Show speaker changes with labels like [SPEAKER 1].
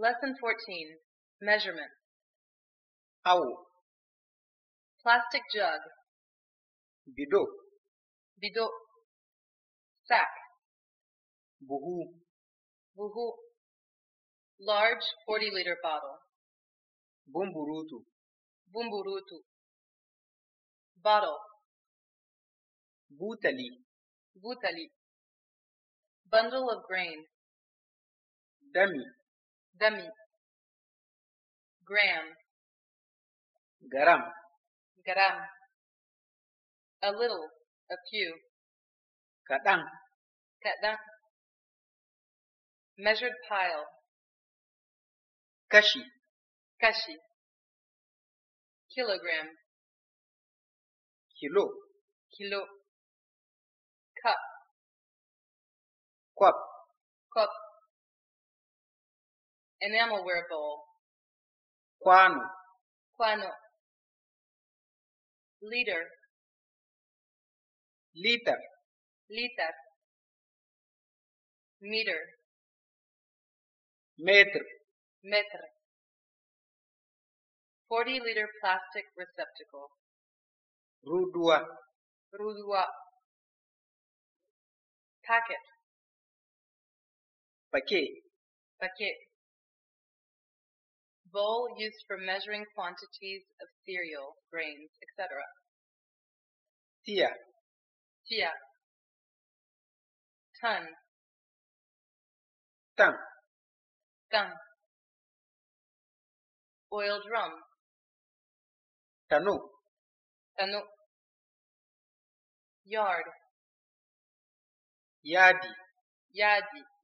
[SPEAKER 1] Lesson 14 Measurement Awo Plastic jug Bidot Bidot Sack Buhu Buhu Large 40 liter bottle Bumburutu Bumburutu Bottle Butali Butali Bundle of grain Dummy دمي gram gram gram a little a few kadang kadang measured pile kashi kashi kilogram kilo kilo cup cup cup Enamelware bowl. Quano. Quano. Liter. Liter. Liter. Meter. Meter. Metre. 40 liter plastic receptacle. Rudua. Rudua. Packet. Paquet. Paquet bowl used for measuring quantities of cereal, grains, etc. Tia. Tia. Ton. Tang. Tang. Oil drum. Tanu. Tanu. Yard. Yadi. Yadi.